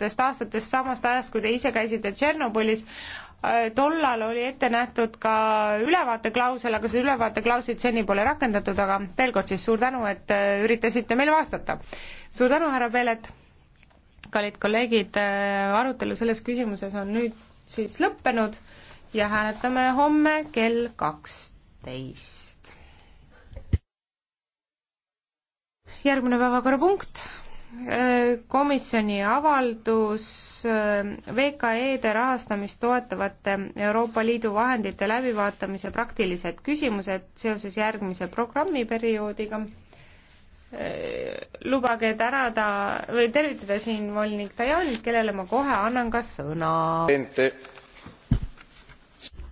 viimastest aastatest, samast ajast, kui te ise käisite Tšernobõlis, äh, tollal oli ette nähtud ka ülevaateklausel, aga seda ülevaateklauslit seni pole rakendatud, aga veel kord siis suur tänu, et äh, üritasite meile vastata. suur tänu, härra Peelet, kallid kolleegid, äh, arutelu selles küsimuses on nüüd siis lõppenud ja hääletame homme kell kaksteist. järgmine päevakorrapunkt komisjoni avaldus äh, VKE-de rahastamist toetavate Euroopa Liidu vahendite läbivaatamise praktilised küsimused seoses järgmise programmiperioodiga. Äh, lubage tänada või tervitada siin volinik Dajanit, kellele ma kohe annan ka sõna.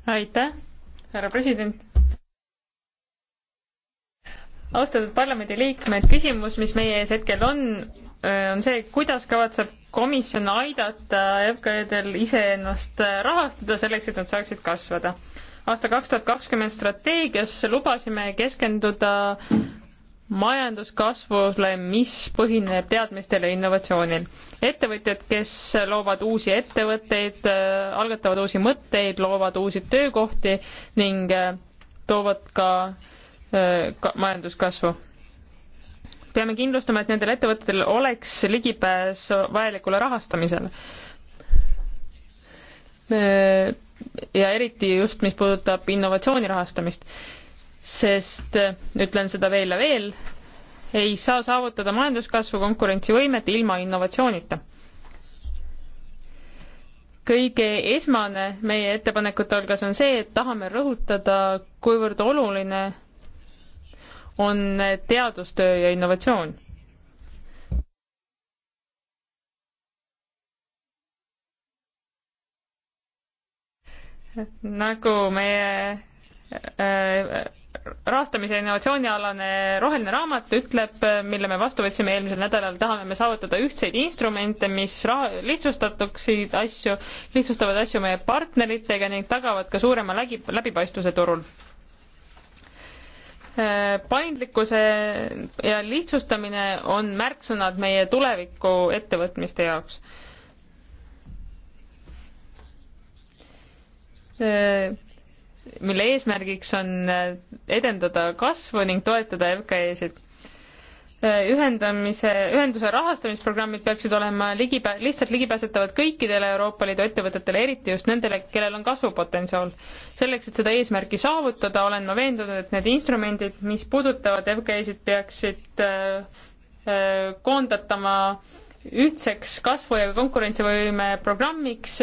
aitäh, härra president austatud parlamendiliikmed, küsimus, mis meie ees hetkel on, Äh, on see, kuidas kavatseb komisjon aidata FKE-del iseennast äh, rahastada selleks, et nad saaksid kasvada. aasta kaks tuhat kakskümmend strateegias lubasime keskenduda majanduskasvule, mis põhineb teadmistel ja innovatsioonil. ettevõtjad, kes loovad uusi ettevõtteid, äh, algatavad uusi mõtteid, loovad uusi töökohti ning toovad ka, ka majanduskasvu peame kindlustama, et nendel ettevõtetel oleks ligipääs vajalikule rahastamisele. ja eriti just, mis puudutab innovatsiooni rahastamist, sest ütlen seda veel ja veel, ei saa saavutada majanduskasvu konkurentsivõimet ilma innovatsioonita. kõige esmane meie ettepanekute hulgas on see, et tahame rõhutada, kuivõrd oluline on teadustöö ja innovatsioon. nagu meie äh, rahastamise innovatsioonialane roheline raamat ütleb, mille me vastu võtsime eelmisel nädalal, tahame me saavutada ühtseid instrumente, mis raha, lihtsustatuksid asju, lihtsustavad asju meie partneritega ning tagavad ka suurema lägi, läbipaistvuse turul Äh, paindlikkuse ja lihtsustamine on märksõnad meie tuleviku ettevõtmiste jaoks. Äh, mille eesmärgiks on edendada kasvu ning toetada FKE-sid Äh, ühendamise, ühenduse rahastamisprogrammid peaksid olema ligipä-, lihtsalt ligipääsetavad kõikidele Euroopa Liidu ettevõtetele, eriti just nendele, kellel on kasvupotentsiaal. selleks, et seda eesmärki saavutada, olen ma veendunud, et need instrumendid, mis puudutavad FGE-sid, peaksid äh, äh, koondatama äh, ühtseks kasvu- ja konkurentsivõime programmiks,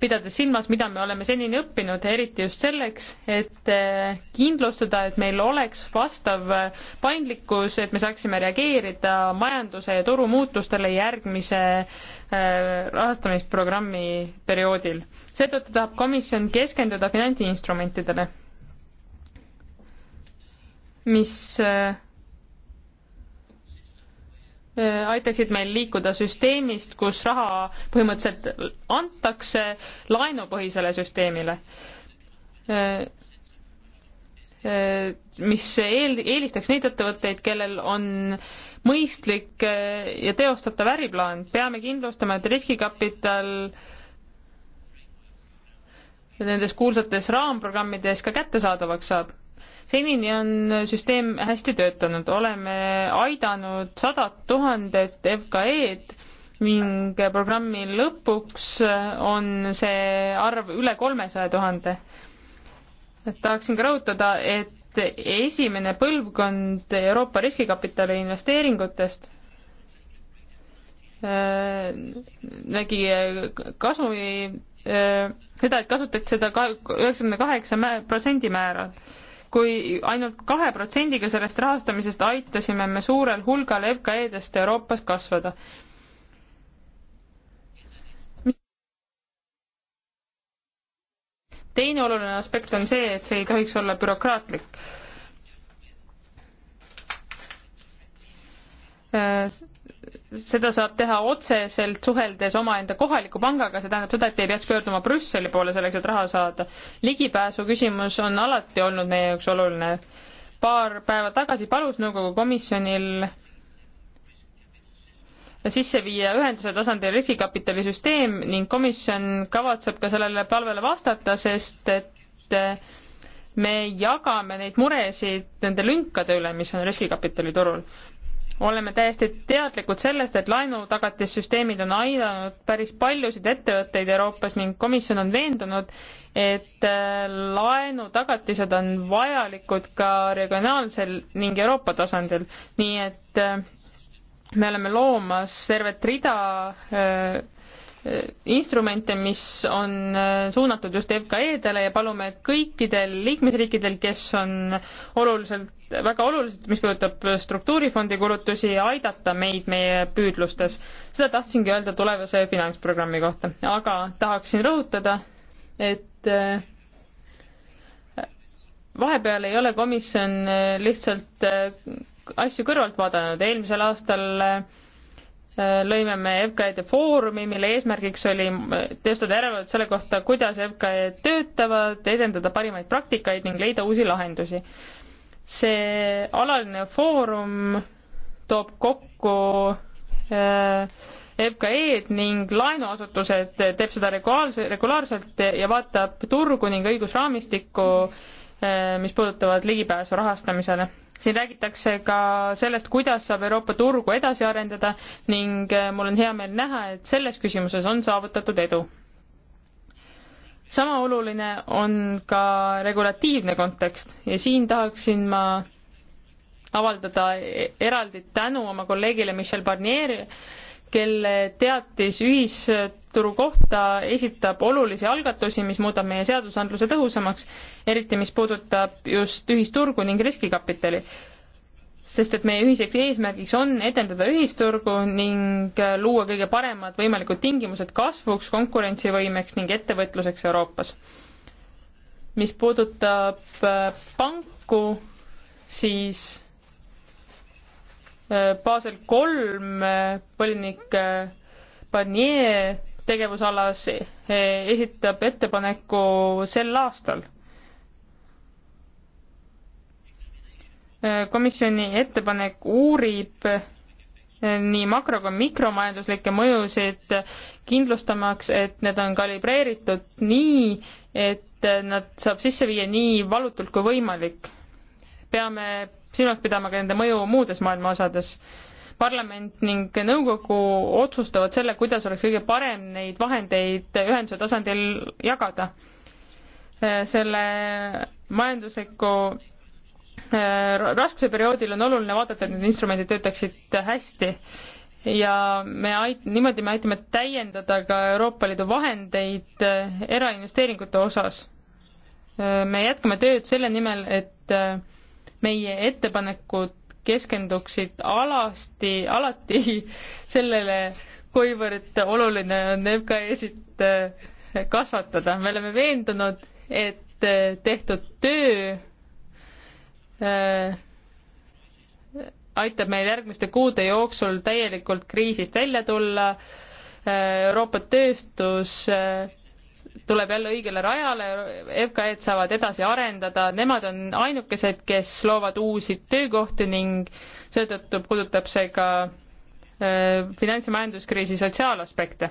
pidades silmas, mida me oleme senini õppinud, eriti just selleks, et eh, kindlustada, et meil oleks vastav eh, paindlikkus, et me saaksime reageerida majanduse ja turu muutustele järgmise eh, rahastamisprogrammi perioodil. seetõttu tahab komisjon keskenduda finantsinstrumentidele, mis aitaksid meil liikuda süsteemist, kus raha põhimõtteliselt antakse laenupõhisele süsteemile, mis eel, eelistaks neid ettevõtteid, kellel on mõistlik ja teostatav äriplaan, peame kindlustama, et riskikapital nendes kuulsates raamprogrammides ka kättesaadavaks saab senini on süsteem hästi töötanud, oleme aidanud sadat tuhandet FKE-d ning programmi lõpuks on see arv üle kolmesaja tuhande. tahaksin ka rõhutada, et esimene põlvkond Euroopa riskikapitali investeeringutest äh, nägi kasumi, äh, seda, et kasutati seda üheksakümne kaheksa protsendi määral kui ainult kahe protsendiga sellest rahastamisest aitasime me suurel hulgal FKE-dest Euroopas kasvada. teine oluline aspekt on see, et see ei tohiks olla bürokraatlik äh, seda saab teha otseselt suheldes omaenda kohaliku pangaga, see tähendab seda, et ei peaks pöörduma Brüsseli poole selleks, et raha saada. ligipääsu küsimus on alati olnud meie jaoks oluline. paar päeva tagasi palus nõukogu komisjonil sisse viia ühenduse tasandil riskikapitalisüsteem ning komisjon kavatseb ka sellele palvele vastata, sest et me jagame neid muresid nende lünkade üle, mis on riskikapitaliturul oleme täiesti teadlikud sellest, et laenutagatissüsteemid on aidanud päris paljusid ettevõtteid Euroopas ning komisjon on veendunud, et äh, laenutagatised on vajalikud ka regionaalsel ning Euroopa tasandil, nii et äh, me oleme loomas tervet rida äh, instrumente, mis on suunatud just FKE-dele ja palume kõikidel liikmesriikidel, kes on oluliselt väga olulised, mis puudutab struktuurifondi kulutusi ja aidata meid meie püüdlustes. seda tahtsingi öelda tulevase finantsprogrammi kohta, aga tahaksin rõhutada, et äh, vahepeal ei ole komisjon äh, lihtsalt äh, asju kõrvalt vaadanud, eelmisel aastal lõime me FKE-de foorumi, mille eesmärgiks oli teostada järelevalvet selle kohta, kuidas FKE-d töötavad, edendada parimaid praktikaid ning leida uusi lahendusi see alaline foorum toob kokku äh, FKE-d ning laenuasutused, teeb seda regulaarselt, regulaarselt ja vaatab turgu ning õigusraamistikku, äh, mis puudutavad ligipääsu rahastamisele. siin räägitakse ka sellest, kuidas saab Euroopa turgu edasi arendada ning äh, mul on hea meel näha, et selles küsimuses on saavutatud edu sama oluline on ka regulatiivne kontekst ja siin tahaksin ma avaldada e-, eraldi tänu oma kolleegile Michel Barnier, kelle teatis ühisturu kohta esitab olulisi algatusi, mis muudab meie seadusandluse tõhusamaks, eriti mis puudutab just ühisturgu ning riskikapitali sest et meie ühiseks eesmärgiks on edendada ühisturgu ning luua kõige paremad võimalikud tingimused kasvuks, konkurentsivõimeks ning ettevõtluseks Euroopas. mis puudutab äh, panku, siis äh, Basel kolm äh, volinik Barnier tegevusalas esitab ettepaneku sel aastal komisjoni ettepanek uurib eh, nii makro- kui mikromajanduslikke mõjusid, kindlustamaks, et need on kalibreeritud nii, et nad saab sisse viia nii valutult kui võimalik. peame silmas pidama ka nende mõju muudes maailma osades. parlament ning nõukogu otsustavad selle, kuidas oleks kõige parem neid vahendeid ühenduse tasandil jagada. Eh, selle majandusliku Äh, raskuse perioodil on oluline vaadata, et need instrumendid töötaksid hästi ja me ait-, niimoodi me aitame täiendada ka Euroopa Liidu vahendeid äh, erainvesteeringute osas. Äh, me jätkame tööd selle nimel, et meie ettepanekud keskenduksid alasti, alati sellele, kuivõrd oluline on MKE-sid kasvatada. me oleme veendunud, et tehtud töö Äh, aitab meil järgmiste kuude jooksul täielikult kriisist välja tulla. Äh, Euroopa tööstus äh, tuleb jälle õigele rajale, FKE-d saavad edasi arendada, nemad on ainukesed, kes loovad uusi töökohti ning seetõttu puudutab see ka finants- ja majanduskriisi sotsiaalaspekte.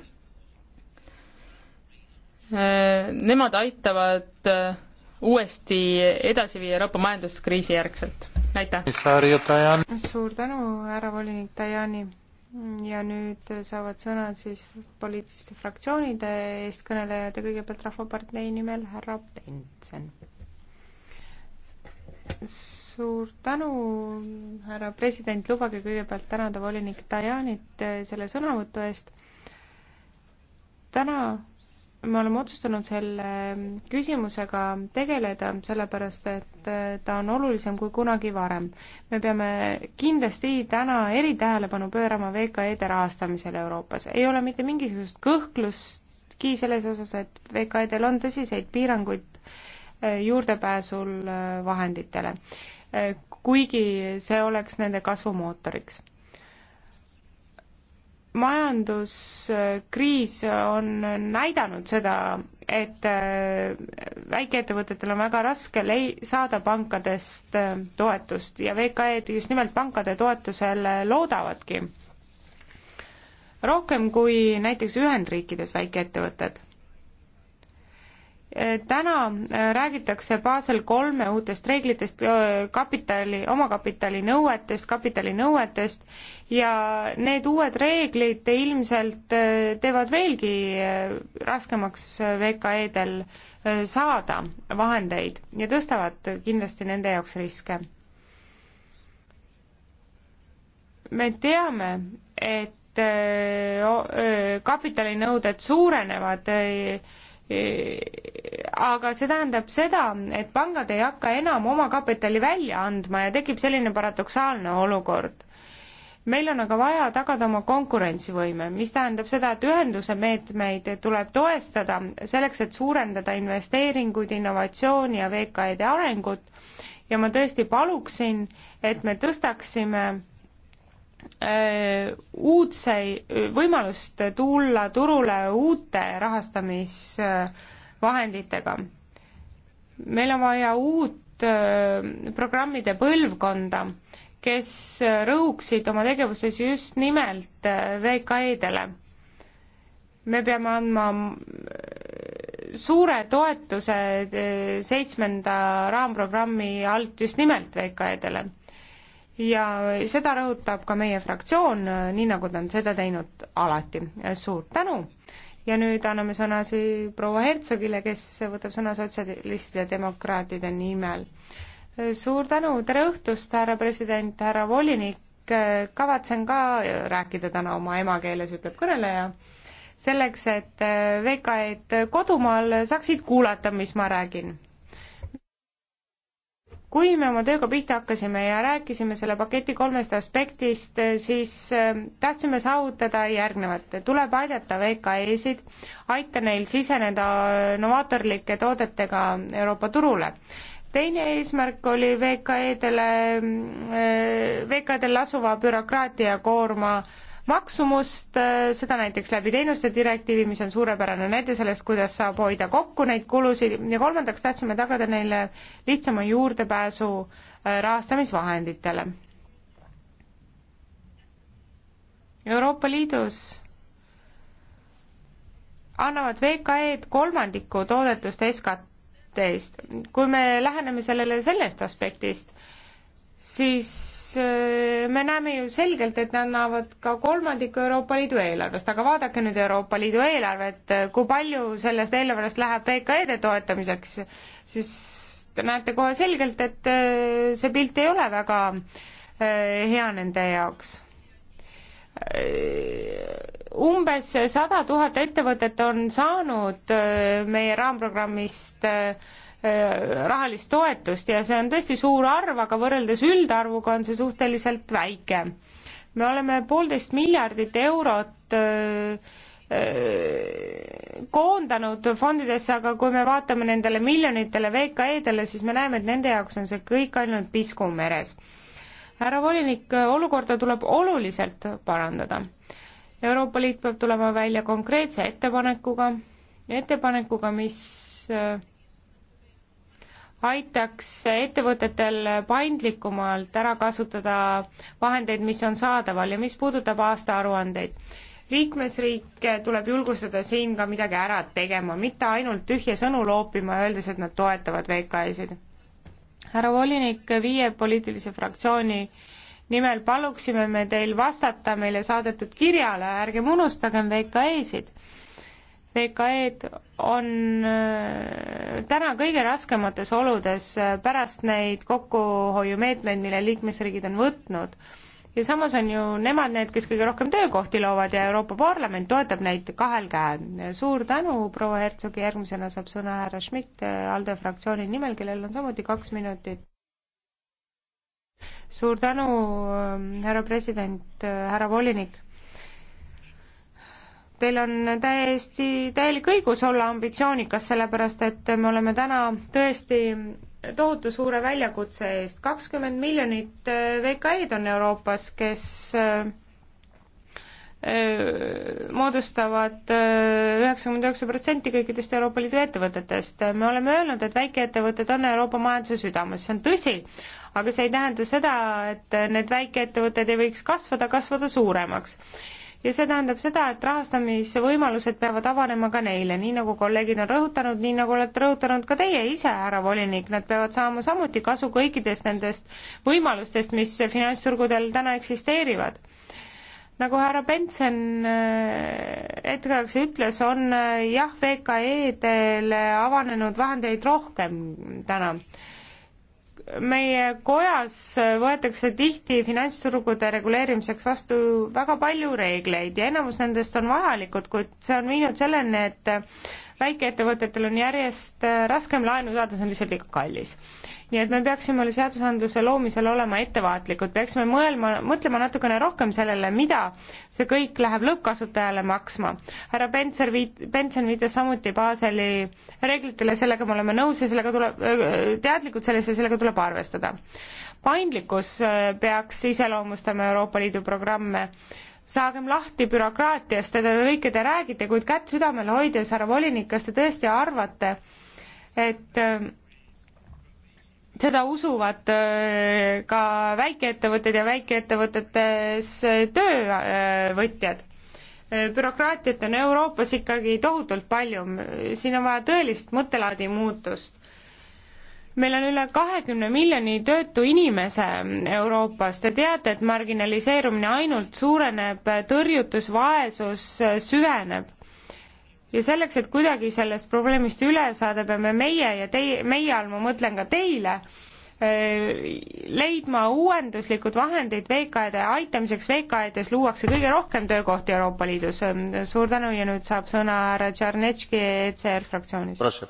Nemad aitavad uuesti edasi viia Euroopa majanduskriisi järgselt. aitäh! suur tänu, härra volinik Tajani! ja nüüd saavad sõna siis poliitiliste fraktsioonide eestkõnelejad ja kõigepealt Rahvapartei nimel härra Benson. suur tänu, härra president, lubage kõigepealt tänada volinik Tajanit selle sõnavõtu eest. täna me oleme otsustanud selle küsimusega tegeleda, sellepärast et äh, ta on olulisem kui kunagi varem. me peame kindlasti täna eritähelepanu pöörama VKE-de rahastamisele Euroopas. ei ole mitte mingisugust kõhklustki selles osas, et VKE-del on tõsiseid piiranguid äh, juurdepääsul äh, vahenditele, kuigi see oleks nende kasvumootoriks majanduskriis on näidanud seda, et äh, väikeettevõtetel on väga raske lei-, saada pankadest äh, toetust ja VKE-d just nimelt pankade toetusele loodavadki. rohkem kui näiteks Ühendriikides väikeettevõtted täna äh, räägitakse Basel kolme uutest reeglitest, kapitali, omakapitali nõuetest, kapitali nõuetest ja need uued reeglid ilmselt äh, teevad veelgi äh, raskemaks VKE-del saada vahendeid ja tõstavad kindlasti nende jaoks riske. me teame, et kapitalinõuded suurenevad aga see tähendab seda, et pangad ei hakka enam oma kapitali välja andma ja tekib selline paradoksaalne olukord. meil on aga vaja tagada oma konkurentsivõime, mis tähendab seda, et ühenduse meetmeid tuleb toestada selleks, et suurendada investeeringuid, innovatsiooni ja VKE-de arengut ja ma tõesti paluksin, et me tõstaksime Äh, uudse, võimalust tulla turule uute rahastamisvahenditega. meil on vaja uut äh, programmide põlvkonda, kes rõhuksid oma tegevuses just nimelt äh, VKE-dele. me peame andma suure toetuse seitsmenda raamprogrammi alt just nimelt VKE-dele ja seda rõhutab ka meie fraktsioon, nii nagu ta on seda teinud alati. suur tänu ja nüüd anname sõna siis proua Hertsogile, kes võtab sõna sotsialistide ja demokraatide nimel. suur tänu, tere õhtust, härra president, härra volinik, kavatsen ka rääkida täna oma emakeeles, ütleb kõneleja selleks, et VKE-d kodumaal saaksid kuulata, mis ma räägin kui me oma tööga pihta hakkasime ja rääkisime selle paketi kolmest aspektist, siis ähm, tahtsime saavutada järgnevat. tuleb aidata VKE-sid, aita neil siseneda novaatorlike toodetega Euroopa turule. teine eesmärk oli VKE-dele, äh, VKE-del asuva bürokraatia koorma maksumust, äh, seda näiteks läbi teenuste direktiivi, mis on suurepärane näide sellest, kuidas saab hoida kokku neid kulusid ja kolmandaks tahtsime tagada neile lihtsama juurdepääsu äh, rahastamisvahenditele. Euroopa Liidus annavad VKE-d kolmandiku toodetust SKT-st. kui me läheneme sellele sellest aspektist, siis äh, me näeme ju selgelt, et nad annavad ka kolmandiku Euroopa Liidu eelarvest, aga vaadake nüüd Euroopa Liidu eelarvet, äh, kui palju sellest eelarvest läheb VKE-de toetamiseks, siis te näete kohe selgelt, et äh, see pilt ei ole väga hea nende jaoks. umbes sada tuhat ettevõtet on saanud meie raamprogrammist Äh, rahalist toetust ja see on tõesti suur arv, aga võrreldes üldarvuga on see suhteliselt väike. me oleme poolteist miljardit eurot äh, äh, koondanud fondidesse, aga kui me vaatame nendele miljonitele VKE-dele, siis me näeme, et nende jaoks on see kõik ainult pisku meres. härra volinik, olukorda tuleb oluliselt parandada. Euroopa Liit peab tulema välja konkreetse ettepanekuga, ettepanekuga, mis äh, aitaks ettevõtetel paindlikumalt ära kasutada vahendeid, mis on saadaval ja mis puudutab aastaaruandeid. liikmesriike tuleb julgustada siin ka midagi ära tegema, mitte ainult tühje sõnu loopima, öeldes, et nad toetavad VKS-id. härra volinik, viie poliitilise fraktsiooni nimel paluksime me teil vastata meile saadetud kirjale, ärgem unustagem VKE-sid VKE-d on äh, täna kõige raskemates oludes äh, pärast neid kokkuhoiumeetmeid, mille liikmesriigid on võtnud. ja samas on ju nemad need, kes kõige rohkem töökohti loovad ja Euroopa Parlament toetab neid kahel käel. suur tänu, proua Hertsog, järgmisena saab sõna härra Schmidt äh, ALDE fraktsiooni nimel, kellel on samuti kaks minutit. suur tänu, härra president, härra volinik teil on täiesti täielik õigus olla ambitsioonikas, sellepärast et me oleme täna tõesti tohutu suure väljakutse eest. kakskümmend miljonit äh, VKE-d on Euroopas, kes äh, äh, moodustavad üheksakümmend üheksa protsenti kõikidest Euroopa Liidu ettevõtetest. me oleme öelnud, et väikeettevõtted on Euroopa majanduse südames, see on tõsi, aga see ei tähenda seda, et need väikeettevõtted ei võiks kasvada, kasvada suuremaks ja see tähendab seda, et rahastamisvõimalused peavad avanema ka neile, nii nagu kolleegid on rõhutanud, nii nagu olete rõhutanud ka teie ise, härra volinik, nad peavad saama samuti kasu kõikidest nendest võimalustest, mis finantsturgudel täna eksisteerivad. nagu härra Benson hetkeleks äh, ütles, on äh, jah, VKE-dele avanenud vahendeid rohkem täna meie kojas võetakse tihti finantsturgude reguleerimiseks vastu väga palju reegleid ja enamus nendest on vajalikud, kuid see on viinud selleni, et väikeettevõtetel on järjest äh, raskem laenu saada, see on lihtsalt liiga kallis. nii et me peaksime selle seadusandluse loomisel olema ettevaatlikud, peaksime mõelma, mõtlema natukene rohkem sellele, mida see kõik läheb lõppkasutajale maksma. härra Pentser viit-, Pentsen viitas samuti Baseli reeglitele, sellega me oleme nõus ja sellega tuleb, äh, teadlikud sellest ja sellega tuleb arvestada. paindlikkus äh, peaks iseloomustama Euroopa Liidu programme saagem lahti bürokraatiast, te kõike te räägite, kuid kätt südamel hoides, härra volinik, kas te tõesti arvate, et ähm, seda usuvad äh, ka väikeettevõtted ja väikeettevõtetes äh, töövõtjad. Äh, bürokraatiat on Euroopas ikkagi tohutult palju, siin on vaja tõelist mõttelaadi muutust meil on üle kahekümne miljoni töötu inimese Euroopas, te teate, et marginaliseerumine ainult suureneb, tõrjutus, vaesus süveneb. ja selleks, et kuidagi sellest probleemist üle saada, peame meie ja teie, meie all ma mõtlen ka teile, leidma uuenduslikud vahendid VKD aitamiseks, VKD-s luuakse kõige rohkem töökohti Euroopa Liidus. suur tänu ja nüüd saab sõna härra Tšarnetški ECR fraktsioonist.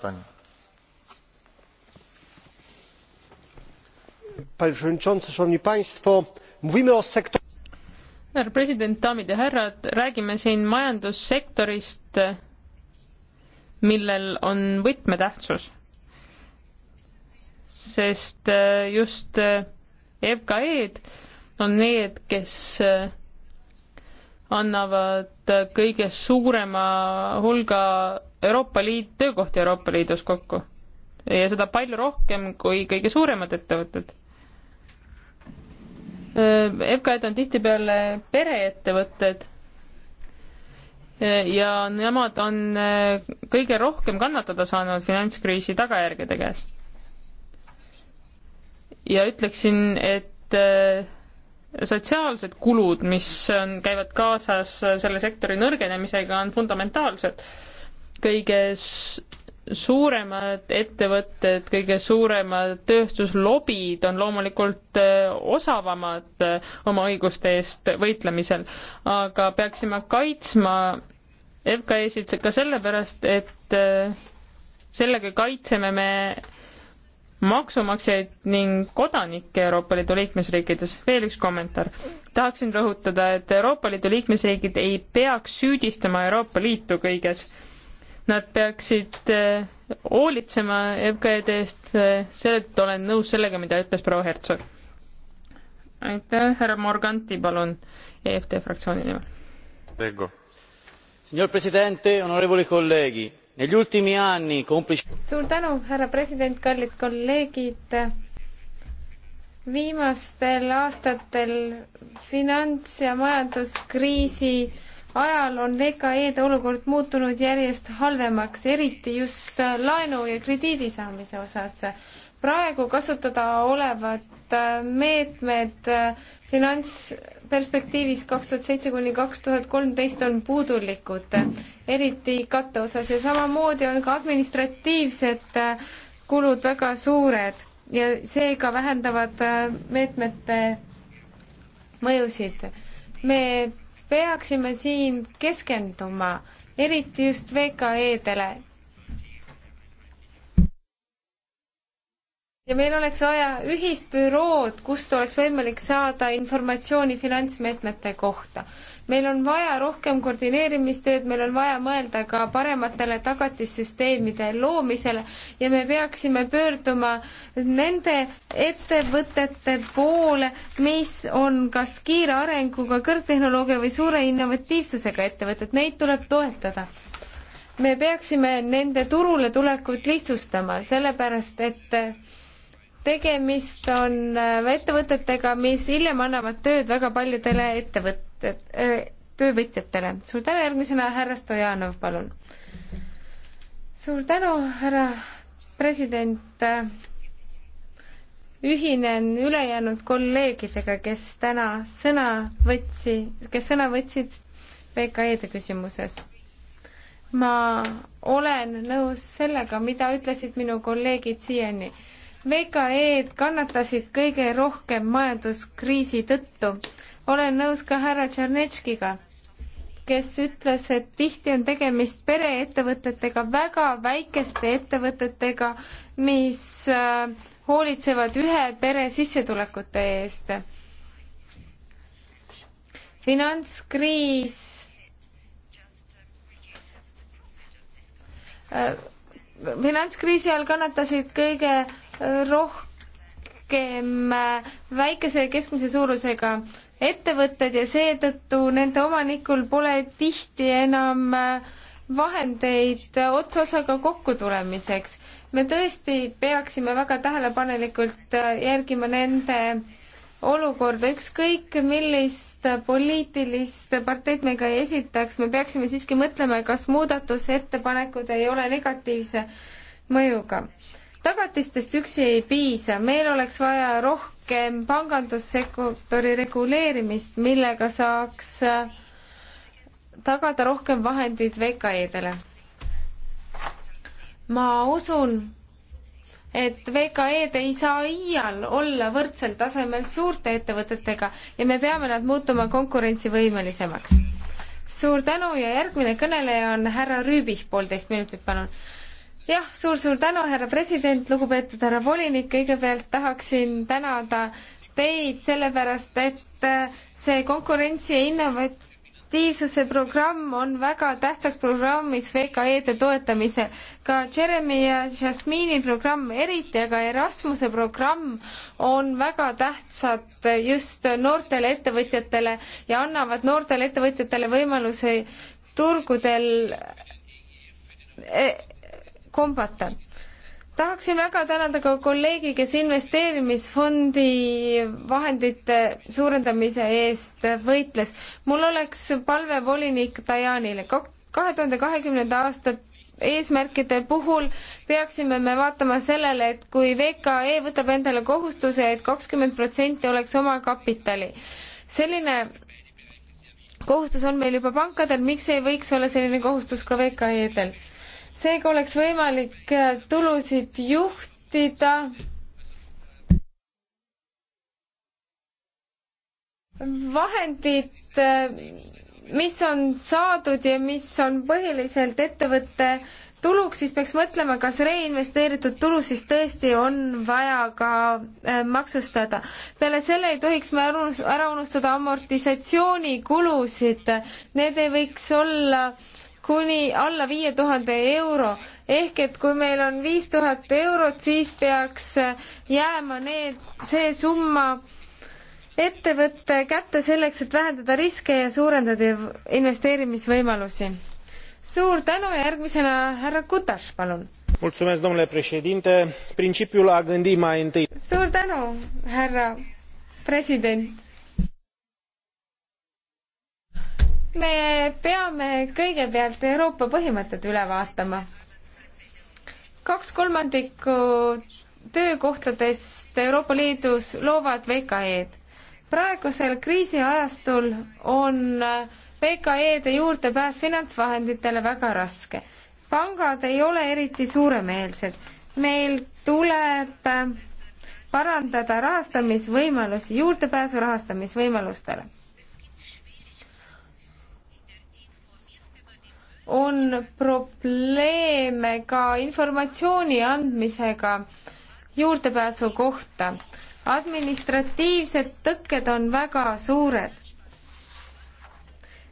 panie przewodniczący! szanowni państwo! mówimy o sektorze. härra president daamid ja härrad räägime siin majandussektorist millel on võtmetähtsus sest eh, just eh, FKE-d on need, kes eh, annavad kõige suurema hulga Euroopa Liit, töökohti Euroopa Liidus kokku. ja seda palju rohkem kui kõige suuremad ettevõtted. Äh, FKE-d on tihtipeale pereettevõtted äh, ja nemad on äh, kõige rohkem kannatada saanud finantskriisi tagajärgede käes. ja ütleksin, et sotsiaalsed kulud, mis on, käivad kaasas selle sektori nõrgenemisega, on fundamentaalsed. kõige suuremad ettevõtted, kõige suuremad tööstuslobid on loomulikult äh, osavamad äh, oma õiguste eest võitlemisel, aga peaksime kaitsma FKE-sid ka sellepärast, et äh, sellega kaitseme me maksumaksjaid ning kodanikke Euroopa Liidu liikmesriikides. veel üks kommentaar. tahaksin rõhutada, et Euroopa Liidu liikmesriigid ei peaks süüdistama Euroopa Liitu kõiges Nad peaksid eh, hoolitsema FKD e eest, eh, sellelt olen nõus sellega, mida ütles proua Hertsog. aitäh, härra Morganti, palun, EFT fraktsiooni nimel. Signor Presidente, onorevoli colleghi, negli ultimi anni complici-. suur tänu, härra president, kallid kolleegid viimastel aastatel finants ja majanduskriisi ajal on VKE-de olukord muutunud järjest halvemaks, eriti just laenu ja krediidi saamise osas. praegu kasutada olevad äh, meetmed äh, finantsperspektiivis kaks tuhat seitse kuni kaks tuhat kolmteist on puudulikud, eriti katte osas ja samamoodi on ka administratiivsed äh, kulud väga suured ja seega vähendavad meetmete mõjusid. me peaksime siin keskenduma eriti just VKE-dele ja meil oleks vaja ühist bürood, kust oleks võimalik saada informatsiooni finantsmeetmete kohta. meil on vaja rohkem koordineerimistööd, meil on vaja mõelda ka parematele tagatissüsteemide loomisele ja me peaksime pöörduma nende ettevõtete poole, mis on kas kiire arenguga, kõrgtehnoloogia või suure innovatiivsusega ettevõtted, neid tuleb toetada me peaksime nende turule tulekut lihtsustama, sellepärast et tegemist on äh, ettevõtetega, mis hiljem annavad tööd väga paljudele ettevõtted, äh, töövõtjatele. suur tänu, järgmisena härra Stojanov, palun. suur tänu, härra president ühinen ülejäänud kolleegidega, kes täna sõna võtsi, kes sõna võtsid VKE-de küsimuses. ma olen nõus sellega, mida ütlesid minu kolleegid siiani. VKE-d kannatasid kõige rohkem majanduskriisi tõttu. olen nõus ka härra Tšernetškiga, kes ütles, et tihti on tegemist pereettevõtetega, väga väikeste ettevõtetega, mis äh, hoolitsevad ühe pere sissetulekute eest. finantskriis äh, finantskriisi all kannatasid kõige rohkem väikese ja keskmise suurusega ettevõtted ja seetõttu nende omanikul pole tihti enam vahendeid ots otsaga kokkutulemiseks. me tõesti peaksime väga tähelepanelikult järgima nende olukorda, ükskõik millist poliitilist parteid me ka ei esitaks, me peaksime siiski mõtlema, kas muudatusettepanekud ei ole negatiivse mõjuga tagatistest üksi ei piisa, meil oleks vaja rohkem pangandussektori reguleerimist, millega saaks äh, tagada rohkem vahendeid VKE-dele. ma usun, et VKE-d ei saa iial olla võrdsel tasemel suurte ettevõtetega ja me peame nad muutuma konkurentsivõimelisemaks. suur tänu ja järgmine kõneleja on härra Rüübih, poolteist minutit, palun jah suur,, suur-suur tänu, härra president, lugupeetud härra volinik, kõigepealt tahaksin tänada teid sellepärast, et äh, see konkurentsi ja innovat-, aktiivsuse programm on väga tähtsaks programmiks VKE-de toetamisel. ka Jeremy ja Jasmini programm eriti, aga Erasmuse programm on väga tähtsad just noortele ettevõtjatele ja annavad noortele ettevõtjatele võimaluse turgudel e, kombata. tahaksin väga tänada ka kolleegi, kes investeerimisfondi vahendite suurendamise eest võitles. mul oleks palve volinik Dajanile, kahe tuhande kahekümnenda aasta eesmärkide puhul peaksime me vaatama sellele, et kui VKE võtab endale kohustuse et, et kakskümmend protsenti oleks omakapitali. selline kohustus on meil juba pankadel, miks ei võiks olla selline kohustus ka VKE-del? seega oleks võimalik äh, tulusid juhtida vahendid, äh, mis on saadud ja mis on põhiliselt ettevõtte tuluks, siis peaks mõtlema, kas reinvesteeritud tulu siis tõesti on vaja ka äh, maksustada. peale selle ei tohiks me ära unustada amortisatsioonikulusid, need ei võiks olla äh, kuni alla viie tuhande euro. ehk et kui meil on viis tuhat eurot, siis peaks jääma need, see summa ettevõtte kätte selleks, et vähendada riske ja suurendada investeerimisvõimalusi. suur tänu ja järgmisena härra Kutas, palun. suur tänu, härra president me peame kõigepealt Euroopa põhimõtted üle vaatama. kaks kolmandikku töökohtadest Euroopa Liidus loovad VKE-d. praegusel kriisiajastul on VKE-de juurdepääs finantsvahenditele väga raske. pangad ei ole eriti suuremeelsed. meil tuleb parandada rahastamisvõimalusi, juurdepääsu rahastamisvõimalustele on probleeme ka informatsiooni andmisega juurdepääsu kohta. administratiivsed tõkked on väga suured.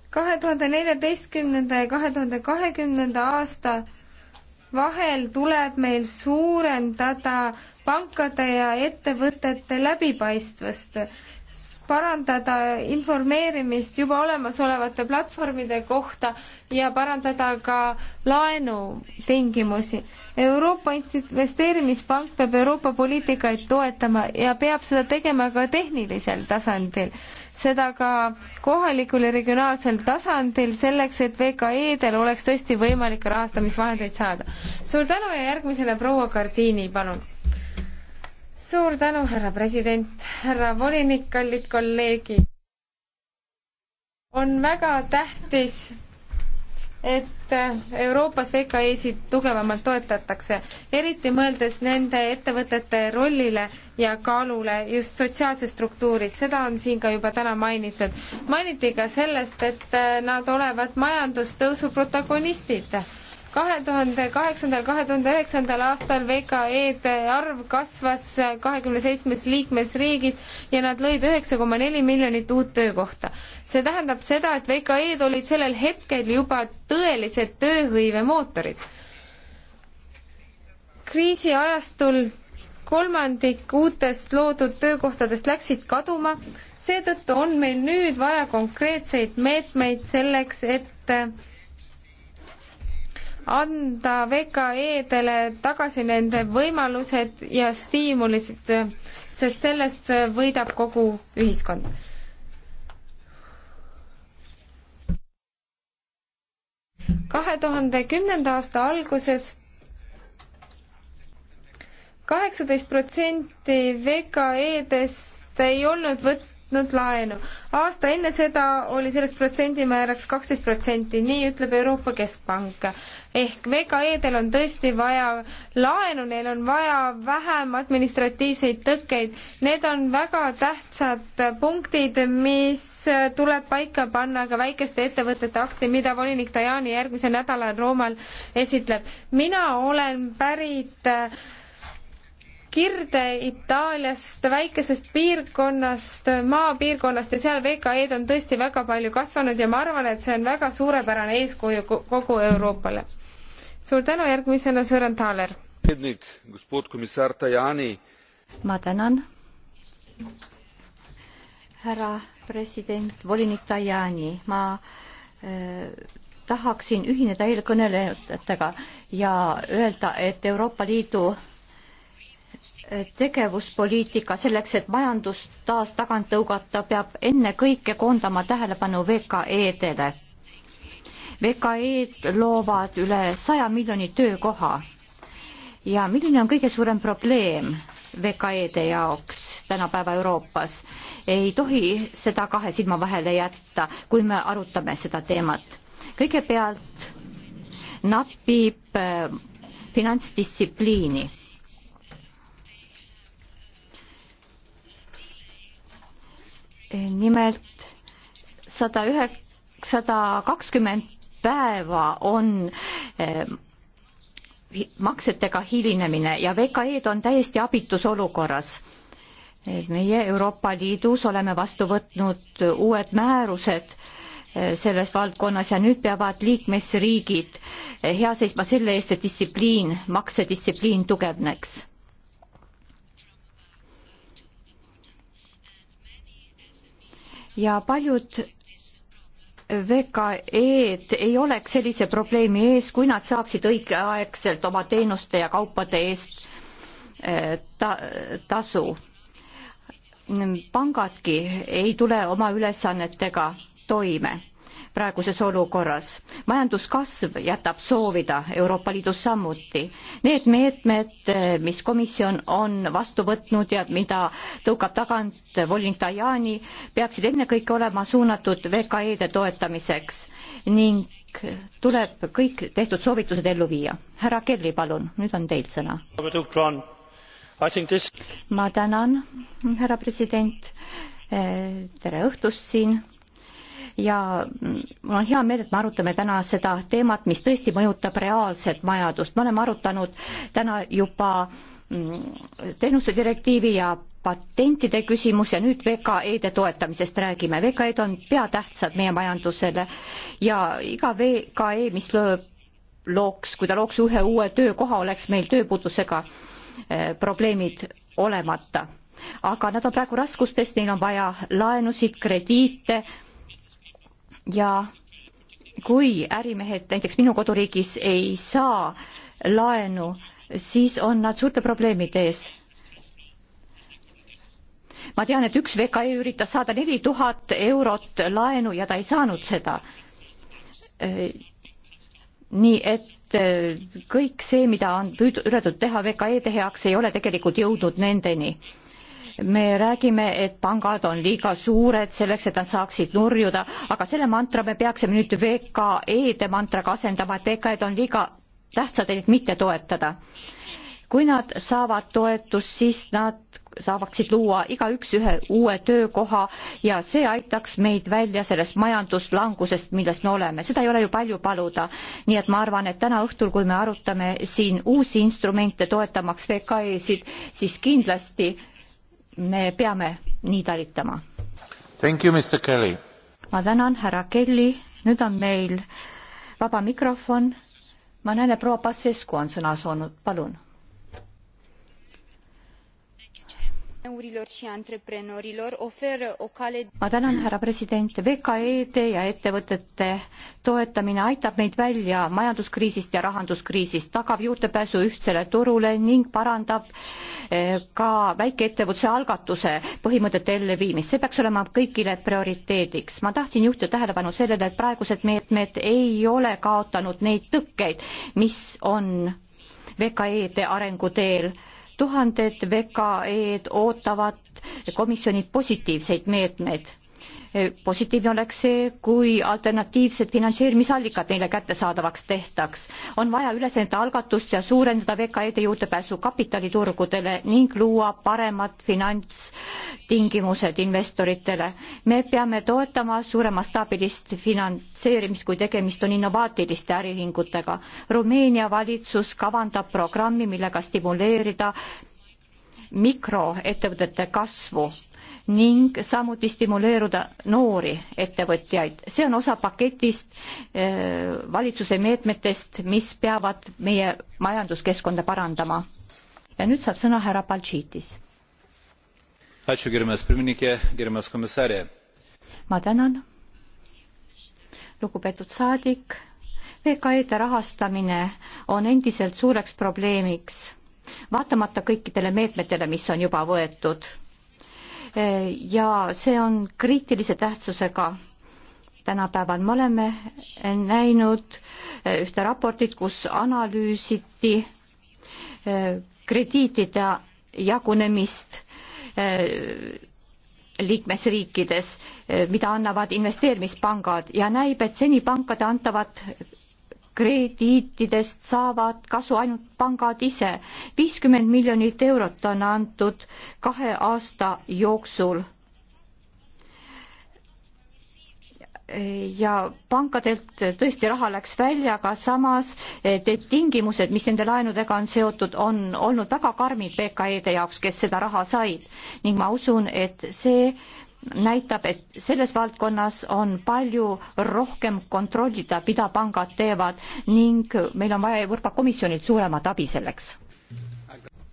kahe tuhande neljateistkümnenda ja kahe tuhande kahekümnenda aasta vahel tuleb meil suurendada pankade ja ettevõtete läbipaistvust parandada informeerimist juba olemasolevate platvormide kohta ja parandada ka laenutingimusi. Euroopa Investeerimispank peab Euroopa poliitikaid toetama ja peab seda tegema ka tehnilisel tasandil, seda ka kohalikul ja regionaalsel tasandil, selleks et VKE-del oleks tõesti võimalik rahastamisvahendeid saada. suur tänu ja järgmisele proua Kardiini, palun suur tänu, härra president, härra volinik, kallid kolleegid. on väga tähtis et Euroopas VKE-sid tugevamalt toetatakse, eriti mõeldes nende ettevõtete rollile ja kaalule just sotsiaalses struktuuris, seda on siin ka juba täna mainitud. mainiti ka sellest, et nad olevat majandustõusu protagonistid kahe tuhande kaheksandal, kahe tuhande üheksandal aastal VKE-de arv kasvas kahekümne seitsmes liikmesriigis ja nad lõid üheksa koma neli miljonit uut töökohta. see tähendab seda, et VKE-d olid sellel hetkel juba tõelised tööhõive mootorid. kriisi ajastul kolmandik uutest loodud töökohtadest läksid kaduma, seetõttu on meil nüüd vaja konkreetseid meetmeid selleks, et anda VKE-dele tagasi nende võimalused ja stiimulisid, sest sellest võidab kogu ühiskond kahe tuhande kümnenda aasta alguses kaheksateist protsenti VKE-dest ei olnud võtta võtnud laenu. aasta enne seda oli selleks protsendimääraks kaksteist protsenti, nii ütleb Euroopa Keskpank. ehk VKE-del on tõesti vaja laenu, neil on vaja vähem administratiivseid tõkkeid. Need on väga tähtsad punktid, mis tuleb paika panna ka väikeste ettevõtete akti, mida volinik Tajani järgmisel nädalal Roomal esitleb. mina olen pärit äh, Kirde-Itaaliast, väikesest piirkonnast, maapiirkonnast ja seal VKE-d on tõesti väga palju kasvanud ja ma arvan, et see on väga suurepärane eeskuju kogu Euroopale. suur tänu, järgmisena Sõõran Taaler. ma tänan. härra president, volinik Tajani, ma äh, tahaksin ühineda eelkõnelejatega ja öelda, et Euroopa Liidu tegevuspoliitika selleks, et majandust taas tagant tõugata, peab ennekõike koondama tähelepanu VKE-dele. VKE-d loovad üle saja miljoni töökoha. ja milline on kõige suurem probleem VKE-de jaoks tänapäeva Euroopas? ei tohi seda kahe silma vahele jätta, kui me arutame seda teemat. kõigepealt napib äh, finantsdistsipliini nimelt sada üheksasada kakskümmend päeva on eh, maksetega hilinemine ja VKE-d on täiesti abitus olukorras. Eh, meie Euroopa Liidus oleme vastu võtnud uued määrused eh, selles valdkonnas ja nüüd peavad liikmesriigid hea seisma selle eest, et distsipliin, maksedistsipliin tugevneks ja paljud VKE-d ei oleks sellise probleemi ees, kui nad saaksid õigeaegselt oma teenuste ja kaupade eest eh, ta-, tasu. pangadki ei tule oma ülesannetega toime praeguses olukorras. majanduskasv jätab soovida Euroopa Liidus samuti. Need meetmed, mis komisjon on vastu võtnud ja mida tõukab tagant volinik Tajani, peaksid ennekõike olema suunatud VKE-de toetamiseks ning tuleb kõik tehtud soovitused ellu viia. härra Kelly, palun, nüüd on teil sõna. ma tänan, härra president. tere õhtust siin ja mul on hea meel, et me arutame täna seda teemat, mis tõesti mõjutab reaalset majandust. me oleme arutanud täna juba mm, teenuste direktiivi ja patentide küsimus ja nüüd VKE-de toetamisest räägime. VKE-d on peatähtsad meie majandusele ja iga VKE, mis lööb, looks, kui ta looks ühe uue töökoha, oleks meil tööpuudusega eh, probleemid olemata. aga nad on praegu raskustes, neil on vaja laenusid, krediite ja kui ärimehed näiteks minu koduriigis ei saa laenu, siis on nad suurte probleemide ees. ma tean, et üks VKE üritas saada neli tuhat eurot laenu ja ta ei saanud seda. Äh, nii et äh, kõik see, mida on püüd-, üritatud teha VKE-de heaks, ei ole tegelikult jõudnud nendeni me räägime, et pangad on liiga suured selleks, et nad saaksid nurjuda, aga selle mantra me peaksime nüüd VKE-de mantraga asendama, et VKE-d on liiga tähtsad, et mitte toetada. kui nad saavad toetust, siis nad saaksid luua igaüks ühe uue töökoha ja see aitaks meid välja sellest majanduslangusest, milles me oleme, seda ei ole ju palju paluda. nii et ma arvan, et täna õhtul, kui me arutame siin uusi instrumente toetamaks VKE-sid, siis kindlasti me peame nii talitama. ma tänan, härra Kelly, nüüd on meil vaba mikrofon. ma näen, et proua Passescu on sõna soovinud, palun ma tänan, härra president, VKE-de ja ettevõtete toetamine aitab meid välja majanduskriisist ja rahanduskriisist, tagab juurdepääsu ühtsele turule ning parandab eh, ka väikeettevõtluse algatuse põhimõtete elluviimist, see peaks olema kõigile prioriteediks. ma tahtsin juhtida tähelepanu sellele, et praegused meetmed ei ole kaotanud neid tõkkeid, mis on VKE-de arengu teel tuhanded VKE-d ootavad komisjonilt positiivseid meetmeid Eh, positiivne oleks see, kui alternatiivsed finantseerimisallikad neile kättesaadavaks tehtaks. on vaja üles anda algatust ja suurendada VKE-de juurdepääsu kapitaliturgudele ning luua paremad finantstingimused investoritele. me peame toetama suuremastaabilist finantseerimist, kui tegemist on innovaatiliste äriühingutega. Rumeenia valitsus kavandab programmi, millega stimuleerida mikroettevõtete kasvu ning samuti stimuleeruda noori ettevõtjaid. see on osa paketist eh, valitsuse meetmetest, mis peavad meie majanduskeskkonda parandama. ja nüüd saab sõna härra Baltšiitis. ma tänan. lugupeetud saadik, VKE-de rahastamine on endiselt suureks probleemiks, vaatamata kõikidele meetmetele, mis on juba võetud Eh, ja see on kriitilise tähtsusega tänapäeval. me oleme näinud eh, ühte raportit, kus analüüsiti eh, krediitide jagunemist liikmesriikides, mida annavad investeerimispangad ja näib, et seni pankade antavad krediitidest saavad kasu ainult pangad ise. viiskümmend miljonit eurot on antud kahe aasta jooksul. ja pankadelt tõesti raha läks välja, aga samas eh, need tingimused, mis nende laenudega on seotud, on olnud väga karmid VKE-de jaoks, kes seda raha said. ning ma usun, et see näitab, et selles valdkonnas on palju rohkem kontrollida, mida pangad teevad ning meil on vaja Euroopa Komisjonilt suuremat abi selleks.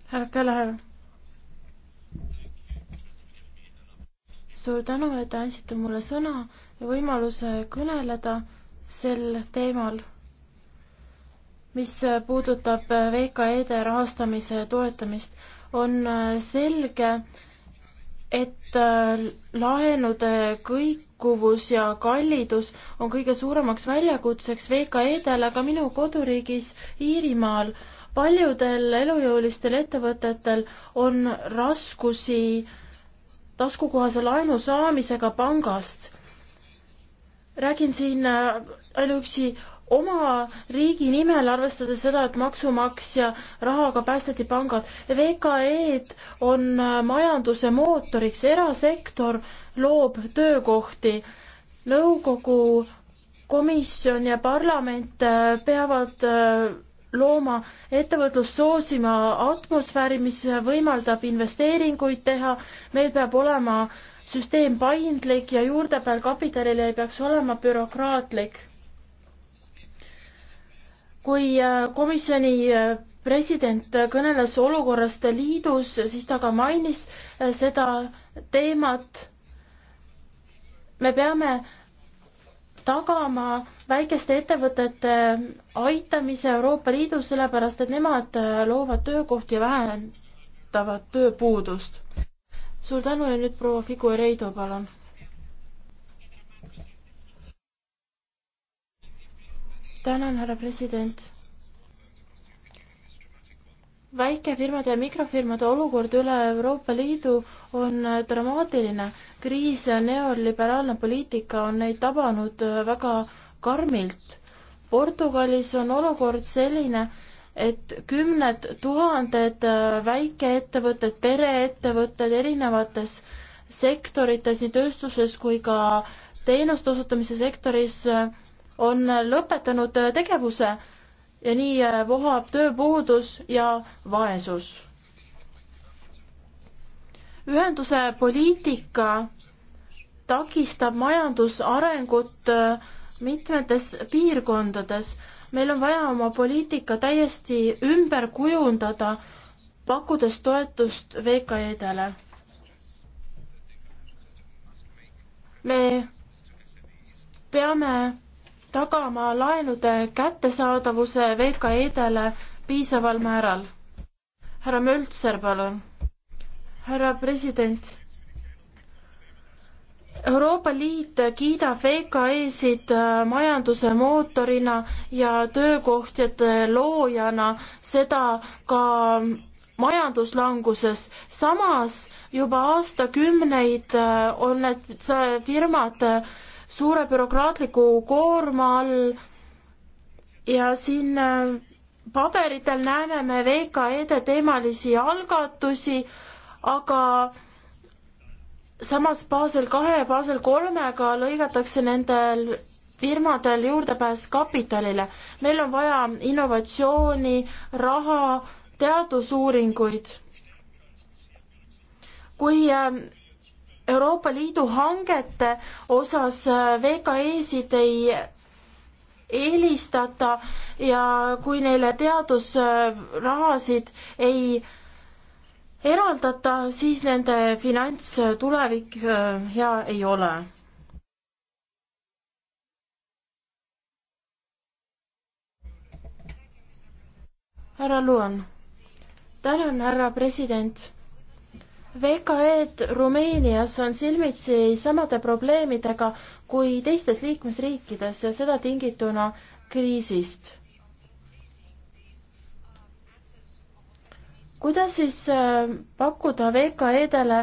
härra Kalev. suur tänu, et te andsite mulle sõna ja võimaluse kõneleda sel teemal, mis puudutab VKE-de rahastamise toetamist on selge, et äh, laenude kõikuvus ja kallidus on kõige suuremaks väljakutseks VKE-del, aga minu koduriigis Iirimaal paljudel elujõulistel ettevõtetel on raskusi taskukohase laenu saamisega pangast. räägin siin äh, ainuüksi oma riigi nimel, arvestades seda, et maksumaksja rahaga päästeti pangad. VKE-d on äh, majanduse mootoriks, erasektor loob töökohti. nõukogu komisjon ja parlament äh, peavad äh, looma ettevõtlust soosima atmosfääri, mis võimaldab investeeringuid teha, meil peab olema süsteem paindlik ja juurdepääl kapitalile ei peaks olema bürokraatlik kui äh, komisjoni äh, president kõneles olukorrast liidus, siis ta ka mainis äh, seda teemat. me peame tagama väikeste ettevõtete aitamise Euroopa Liidus, sellepärast et nemad loovad töökohti ja vähendavad tööpuudust. suur tänu ja nüüd proua Figuereido, palun. tänan, härra president. väikefirmade ja mikrofirmade olukord üle Euroopa Liidu on äh, dramaatiline. kriis ja neoliberaalne poliitika on neid tabanud äh, väga karmilt. Portugalis on olukord selline, et kümned tuhanded äh, väikeettevõtted, pereettevõtted erinevates sektorites, nii tööstuses kui ka teenuste osutamise sektoris äh, on lõpetanud tegevuse ja nii vohab tööpuudus ja vaesus. ühenduse poliitika takistab majandusarengut äh, mitmetes piirkondades. meil on vaja oma poliitika täiesti ümber kujundada, pakkudes toetust VKE-dele. me peame tagama laenude kättesaadavuse VKE-dele piisaval määral. härra Möltser, palun. härra president. Euroopa Liit kiidab VKE-sid äh, majanduse mootorina ja töökohtade loojana, seda ka majanduslanguses, samas juba aastakümneid äh, on need äh, firmad suure bürokraatliku koorma all ja siin äh, paberitel näeme me VKE-de teemalisi algatusi, aga samas baasel kahe ja baasel kolmega lõigatakse nendel firmadel juurdepääs kapitalile. meil on vaja innovatsiooni, raha, teadusuuringuid. kui äh, Euroopa Liidu hangete osas äh, VKE-sid ei eelistata ja kui neile teadusrahasid ei eraldata, siis nende finantstulevik äh, hea ei ole. härra Luan, tänan, härra president VKE-d Rumeenias on silmitsi samade probleemidega kui teistes liikmesriikides ja seda tingituna kriisist. kuidas siis äh, pakkuda VKE-dele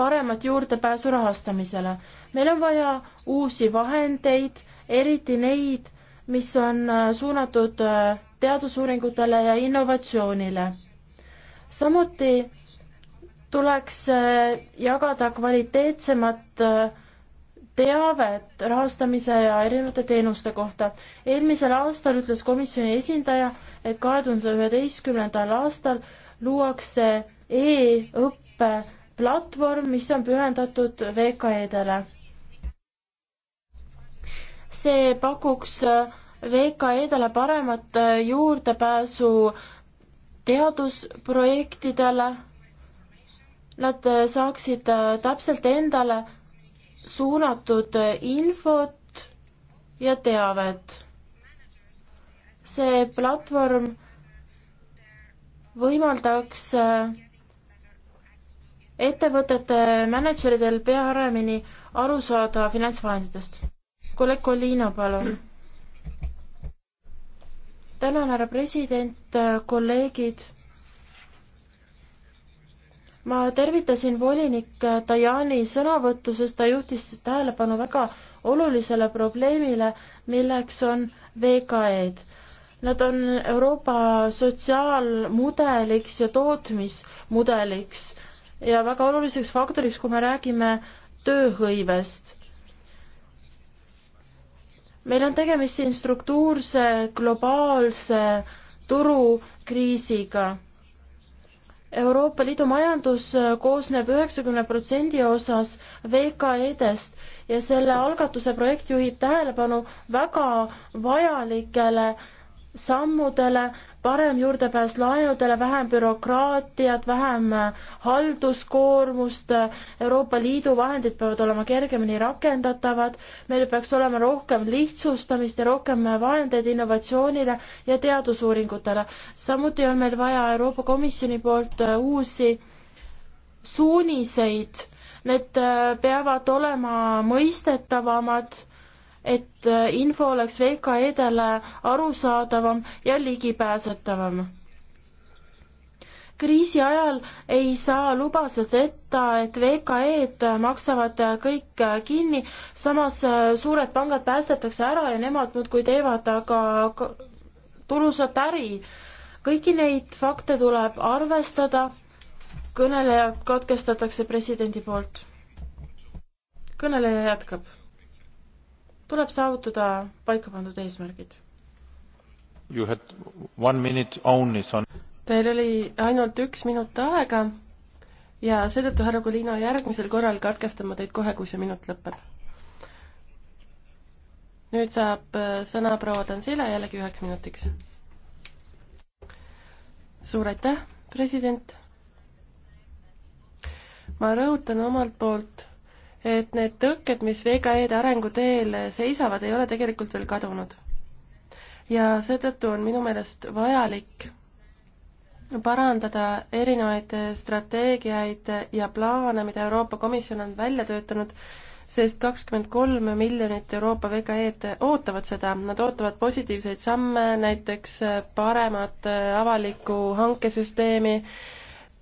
paremat juurdepääsu rahastamisele? meil on vaja uusi vahendeid, eriti neid, mis on äh, suunatud äh, teadusuuringutele ja innovatsioonile. samuti tuleks äh, jagada kvaliteetsemat äh, teavet rahastamise ja erinevate teenuste kohta. eelmisel aastal ütles komisjoni esindaja, et kahe tuhande üheteistkümnendal aastal luuakse e-õppe platvorm, mis on pühendatud VKE-dele. see pakuks äh, VKE-dele paremat juurdepääsu teadusprojektidele nad äh, saaksid äh, täpselt endale suunatud äh, infot ja teavet. see platvorm võimaldaks ettevõtete mänedžeridel paremini aru saada finantsvahenditest. kolleeg Colino, palun. tänan, härra president, kolleegid ma tervitasin volinik Dajani sõnavõttu, sest ta juhtis tähelepanu väga olulisele probleemile, milleks on VKE-d. Nad on Euroopa sotsiaalmudeliks ja tootmismudeliks ja väga oluliseks faktoriks, kui me räägime tööhõivest. meil on tegemist siin struktuurse globaalse turukriisiga Euroopa Liidu majandus äh, koosneb üheksakümne protsendi osas VKE-dest ja selle algatuse projekt juhib tähelepanu väga vajalikele sammudele parem juurdepääs laenudele, vähem bürokraatiat, vähem äh, halduskoormust, äh, Euroopa Liidu vahendid peavad olema kergemini rakendatavad, meil peaks olema rohkem lihtsustamist ja rohkem äh, vahendeid innovatsioonile ja teadusuuringutele. samuti on meil vaja Euroopa Komisjoni poolt uusi suuniseid, need peavad olema mõistetavamad et äh, info oleks VKE-dele arusaadavam ja ligipääsetavam. kriisi ajal ei saa lubaseta, et VKE-d maksavad äh, kõik äh, kinni, samas suured pangad päästetakse ära ja nemad muudkui teevad aga tulusat äri. kõiki neid fakte tuleb arvestada, kõneleja katkestatakse presidendi poolt. kõneleja jätkab tuleb saavutada paika pandud eesmärgid. You had one minute only, son. Teil oli ainult üks minut aega ja seetõttu, härra Kolina, järgmisel korral katkestan ma teid kohe, kui see minut lõpeb. nüüd saab äh, sõna proua Tansila jällegi üheks minutiks. suur aitäh, president. ma rõhutan omalt poolt et need tõkked, mis VKE-de arengu teel seisavad, ei ole tegelikult veel kadunud. ja seetõttu on minu meelest vajalik parandada erinevaid strateegiaid ja plaane, mida Euroopa Komisjon on välja töötanud, sest kakskümmend kolm miljonit Euroopa VKE-d ootavad seda, nad ootavad positiivseid samme, näiteks paremat avalikku hankesüsteemi,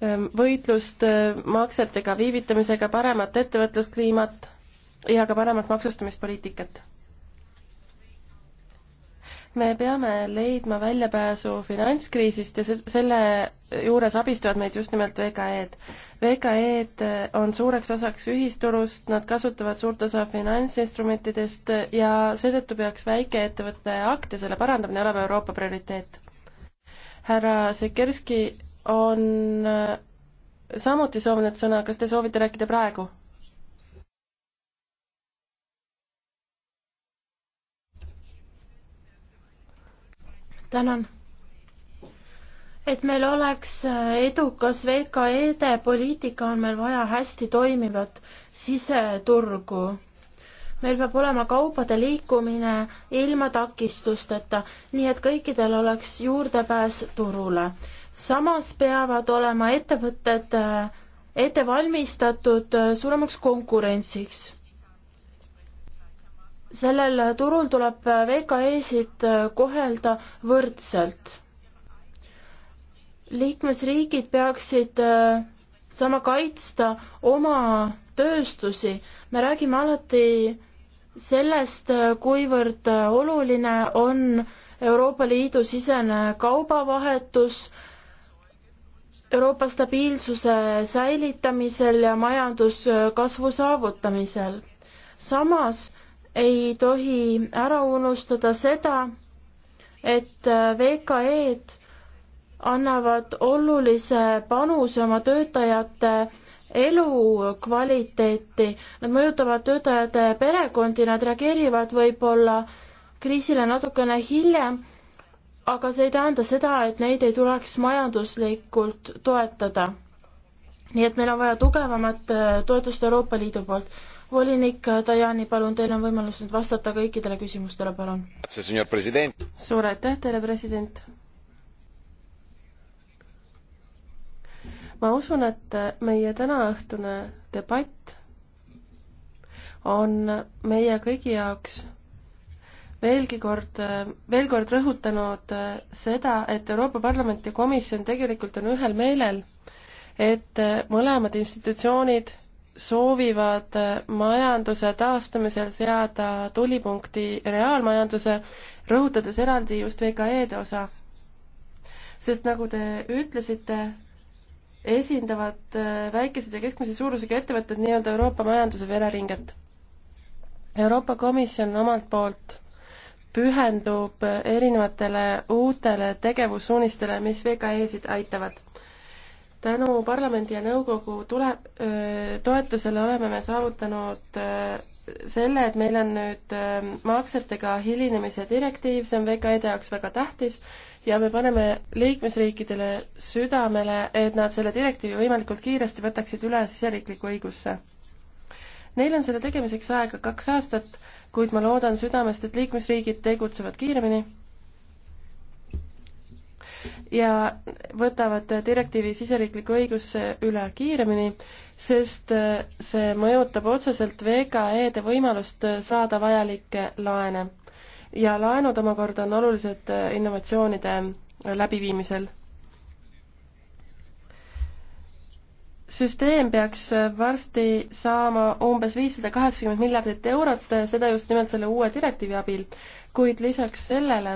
Ehm, võitlust ehm, maksetega viivitamisega, paremat ettevõtluskliimat ja ka paremat maksustamispoliitikat. me peame leidma väljapääsu finantskriisist ja selle juures abistavad meid just nimelt VKE-d. VKE-d ehm, on suureks osaks ühisturust, nad kasutavad suurt osa finantsinstrumentidest ja seetõttu peaks väikeettevõtte akt ja selle parandamine olema Euroopa prioriteet. härra Sikerski on äh, samuti soovinud sõna, kas te soovite rääkida praegu? tänan. et meil oleks äh, edukas VKE-de poliitika, on meil vaja hästi toimivat siseturgu meil peab olema kaupade liikumine ilma takistusteta, nii et kõikidel oleks juurdepääs turule samas peavad olema ettevõtted äh, ette valmistatud äh, suuremaks konkurentsiks. sellel turul tuleb äh, VKE-sid kohelda võrdselt. liikmesriigid peaksid saama kaitsta oma tööstusi, me räägime alati sellest, kuivõrd oluline on Euroopa Liidu sisene kaubavahetus, Euroopa stabiilsuse säilitamisel ja majanduskasvu saavutamisel. samas ei tohi ära unustada seda, et VKE-d annavad olulise panuse oma töötajate elukvaliteeti, nad mõjutavad töötajate perekondi, nad reageerivad võib-olla kriisile natukene hiljem aga see ei tähenda seda, et neid ei tuleks majanduslikult toetada. nii et meil on vaja tugevamat äh, toetust Euroopa Liidu poolt. volinik Dajani, palun, teil on võimalus nüüd vastata kõikidele küsimustele, palun. suur aitäh teile, president. ma usun, et meie tänaõhtune debatt on meie kõigi jaoks veelgi kord, veel kord rõhutanud äh, seda, et Euroopa Parlament ja Komisjon tegelikult on ühel meelel, et äh, mõlemad institutsioonid soovivad äh, majanduse taastamisel seada tulipunkti reaalmajanduse, rõhutades eraldi just VKE-de osa. sest nagu te ütlesite, esindavad väikesed ja keskmise suurusega ettevõtted nii-öelda Euroopa majanduse vereringet. Euroopa Komisjon omalt poolt pühendub erinevatele uutele tegevussuunistele, mis VKE-sid aitavad. tänu parlamendi ja nõukogu tule-, toetusele oleme me saavutanud selle, et meil on nüüd maksetega hilinemise direktiiv, see on VKE-de jaoks väga tähtis ja me paneme liikmesriikidele südamele, et nad selle direktiivi võimalikult kiiresti võtaksid üle siseriiklikku õigusse. Neil on selle tegemiseks aega kaks aastat, kuid ma loodan südamest, et liikmesriigid tegutsevad kiiremini ja võtavad direktiivi siseriikliku õiguse üle kiiremini, sest see mõjutab otseselt VKE-de võimalust saada vajalikke laene. ja laenud omakorda on olulised innovatsioonide läbiviimisel süsteem peaks varsti saama umbes viissada kaheksakümmend miljardit eurot, seda just nimelt selle uue direktiivi abil, kuid lisaks sellele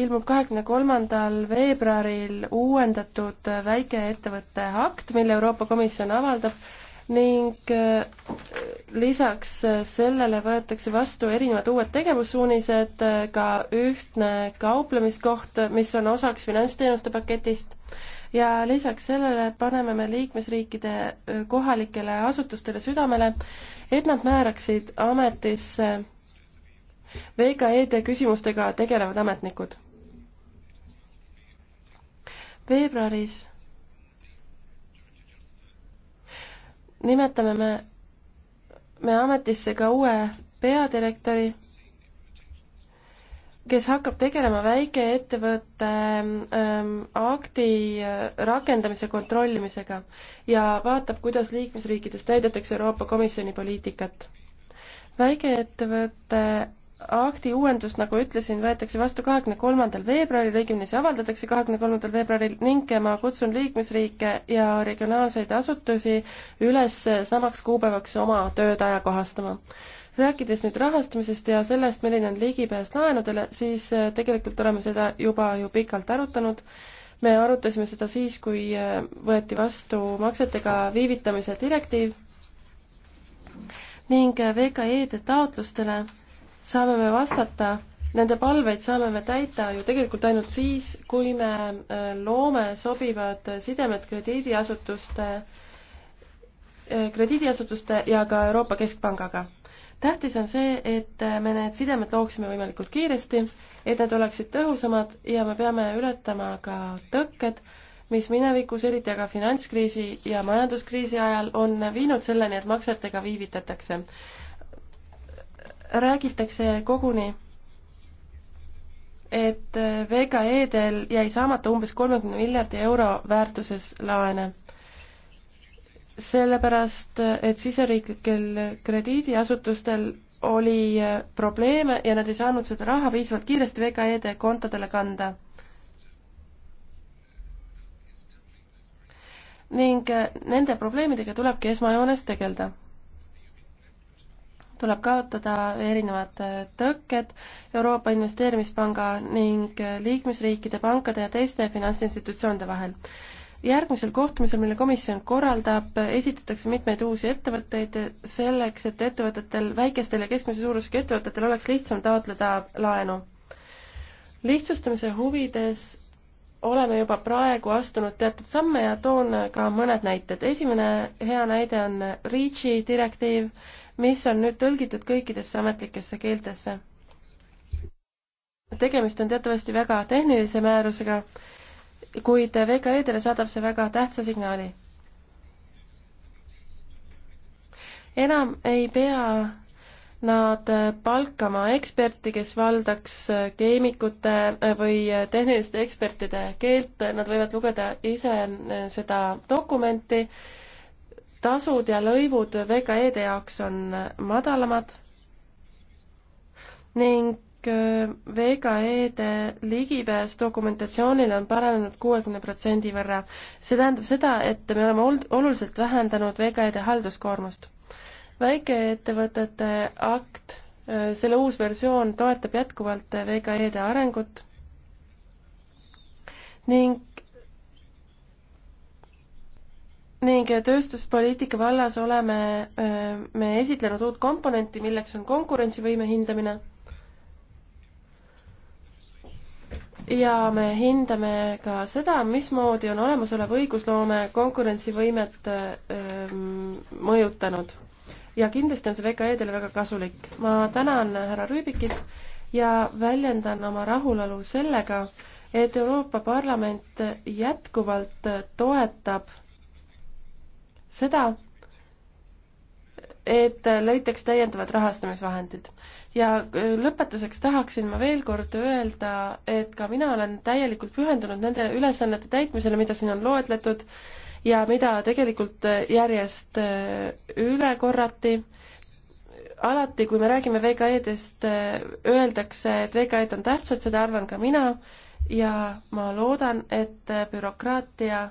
ilmub kahekümne kolmandal veebruaril uuendatud väikeettevõtte akt, mille Euroopa Komisjon avaldab ning äh, lisaks äh, sellele võetakse vastu erinevad uued tegevussuunised, äh, ka ühtne kauplemiskoht, mis on osaks finantsteenuste paketist ja lisaks sellele paneme me liikmesriikide kohalikele asutustele südamele, et nad määraksid ametisse VKE-de küsimustega tegelevad ametnikud. veebruaris nimetame me, me ametisse ka uue peadirektori, kes hakkab tegelema väikeettevõtte ähm, ähm akti äh, rakendamise kontrollimisega ja vaatab, kuidas liikmesriikides täidetakse Euroopa Komisjoni poliitikat. väikeettevõtte akti uuendus, nagu ütlesin, võetakse vastu kahekümne kolmandal veebruaril, õigemini see avaldatakse kahekümne kolmandal veebruaril ning ma kutsun liikmesriike ja regionaalseid asutusi üles samaks kuupäevaks oma tööd ajakohastama. rääkides nüüd rahastamisest ja sellest, milline on ligipääs laenudele, siis äh, tegelikult oleme seda juba ju pikalt arutanud. me arutasime seda siis, kui äh, võeti vastu maksetega viivitamise direktiiv ning äh, VKE-de taotlustele saame me vastata, nende palveid saame me täita ju tegelikult ainult siis, kui me äh, loome sobivad sidemed krediidiasutuste, äh, krediidiasutuste ja ka Euroopa Keskpangaga. tähtis on see, et äh, me need sidemed looksime võimalikult kiiresti, et need oleksid tõhusamad ja me peame ületama ka tõkked, mis minevikus, eriti aga finantskriisi ja majanduskriisi ajal, on viinud selleni, et maksetega viivitatakse räägitakse koguni, et VKE-del jäi saamata umbes kolmekümne miljardi euro väärtuses laene. sellepärast, et siseriiklikel krediidiasutustel oli probleeme ja nad ei saanud seda raha piisavalt kiiresti VKE-de kontodele kanda ning nende probleemidega tulebki esmajoones tegeleda tuleb kaotada erinevad äh, tõkked Euroopa Investeerimispanga ning äh, liikmesriikide pankade ja teiste finantsinstitutsioonide vahel. järgmisel kohtumisel, mille komisjon korraldab, äh, esitatakse mitmeid uusi ettevõtteid selleks, et ettevõtetel, väikestel ja keskmise suurusega ettevõtetel oleks lihtsam taotleda laenu. lihtsustamise huvides oleme juba praegu astunud teatud samme ja toon ka mõned näited. esimene hea näide on REACH-i direktiiv, mis on nüüd tõlgitud kõikidesse ametlikesse keeltesse. tegemist on teatavasti väga tehnilise määrusega, kuid VKE-dele saadab see väga tähtsa signaali. enam ei pea nad palkama eksperti, kes valdaks keemikute või tehniliste ekspertide keelt, nad võivad lugeda ise seda dokumenti tasud ja lõivud VKE-de jaoks on madalamad ning äh, VKE-de ligipääs dokumentatsioonile on paranenud kuuekümne protsendi võrra. see tähendab seda, et me oleme oluliselt vähendanud VKE-de halduskoormust. väikeettevõtete akt, äh, selle uus versioon toetab jätkuvalt VKE-de arengut ning ning tööstuspoliitika vallas oleme me esitlenud uut komponenti, milleks on konkurentsivõime hindamine. ja me hindame ka seda, mismoodi on olemasolev õigusloome konkurentsivõimet mõjutanud. ja kindlasti on see VKE-dele väga kasulik. ma tänan härra Rüübikit ja väljendan oma rahulolu sellega, et Euroopa Parlament jätkuvalt toetab seda, et leitaks täiendavad rahastamisvahendid. ja lõpetuseks tahaksin ma veel kord öelda, et ka mina olen täielikult pühendunud nende ülesannete täitmisele, mida siin on loetletud ja mida tegelikult järjest äh, üle korrati. alati, kui me räägime VKE-dest, äh, öeldakse, et VKE-d on tähtsad, seda arvan ka mina ja ma loodan, et äh, bürokraatia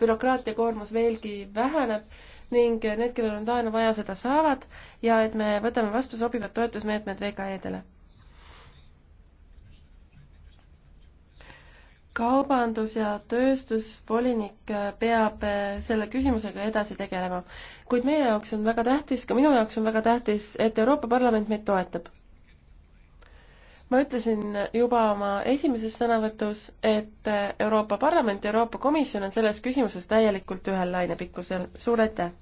bürokraatia koormus veelgi väheneb ning need, kellel on laenu vaja, seda saavad ja et me võtame vastu sobivad toetusmeetmed VKE-dele. kaubandus- ja tööstusvolinik peab selle küsimusega edasi tegelema, kuid meie jaoks on väga tähtis, ka minu jaoks on väga tähtis, et Euroopa Parlament meid toetab ma ütlesin juba oma esimeses sõnavõtus, et Euroopa Parlament ja Euroopa Komisjon on selles küsimuses täielikult ühel lainepikkusel. suur aitäh!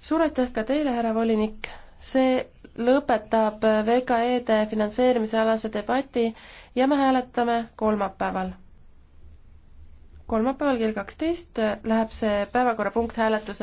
suur aitäh ka teile, härra volinik! see lõpetab VKE-de finantseerimise alase debati ja me hääletame kolmapäeval. kolmapäeval kell kaksteist läheb see päevakorrapunkt hääletusele.